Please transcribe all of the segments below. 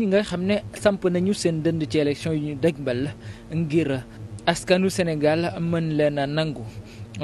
ñi nga xam ne samp nañu seen dënd ci élection yu ñu dëgbal ngir askanu Sénégal mën leen a nangu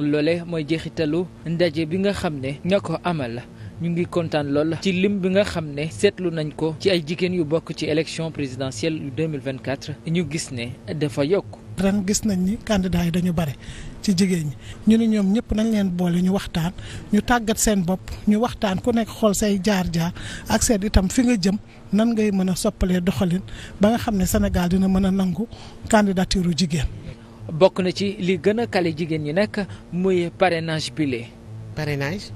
loole mooy jeexitalu ndaje bi nga xam ne ña ko amal la ñu ngi kontaan lool ci lim bi nga xam ne seetlu nañ ko ci ay jigéen yu bokk ci élection présidentielle yu 2024 ñu gis ne dafa yokk ren gis nañ ni candidat yi dañu bare ci jigéen ñi ñu ne ñoom ñëpp nañ leen boole ñu waxtaan ñu tàggat seen bopp ñu waxtaan ku nekk xool say jaar-jaar ak seen itam fi nga jëm nan ngay mën a soppalee doxalin ba nga xam ne senegal dina mën a nangu candidature jigéen. bokk na ci li gën a kale jigéen ñi nag muy parrainage pile parrainage.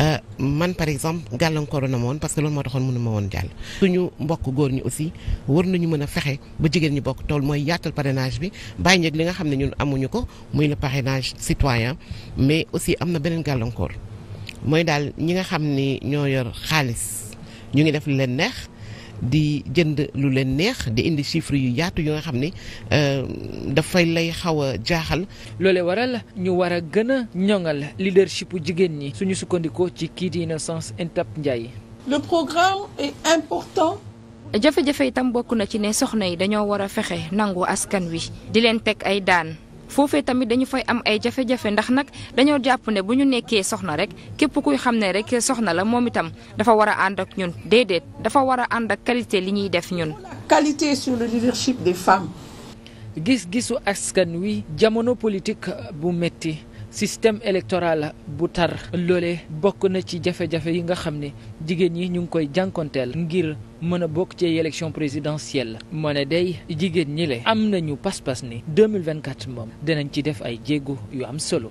Euh, man par exemple gàllankooru na ma parce que loolu moo taxoon mënu ma woon jàll. suñu mbokk góor ñi aussi war nañu mën a fexe ba jigéen ñi bokk tool mooy yaatal parrainage bi bàyyi njëg li nga xam ne ñun amuñu ko muy le parrainage citoyen mais aussi am na beneen gàllankoor mooy daal ñi nga xam ni ñoo yor xaalis ñu ngi def leen neex. di jënd lu leen neex di indi chiffres yu yaatu yu nga xam ne euh, dafay lay xaw a jaaxal. loole waral ñu war a gën a ñoŋal leadership jigéen ñi suñu sukkandiku ci kii di Innocence Intap Ndiaye. le programme est important. jafe-jafe itam bokk na ci ne soxna yi dañoo war a fexe nangu askan wi. di leen teg ay daan. foofe tamit dañu fay am ay jafe-jafe ndax nag dañoo jàpp ne bu ñu nekkee soxna rek képp kuy xam ne rek soxna la moom itam dafa war a ànd ak ñun déedéet dafa war a ànd ak qualité li ñuy def ñun. qualité sur le leadership des femmes. gis-gisu askan wi jamono politique bu métti. système électoral bu tar loole bokk na ci jafe-jafe yi nga xam ne jigéen ñi ñu ngi koy jànkonteel ngir mën a bokk ci élection présidentielle moo ne day jigéen ñi le am nañu pas-pas ni 2024 moom dinañ ci def ay jéego yu am solo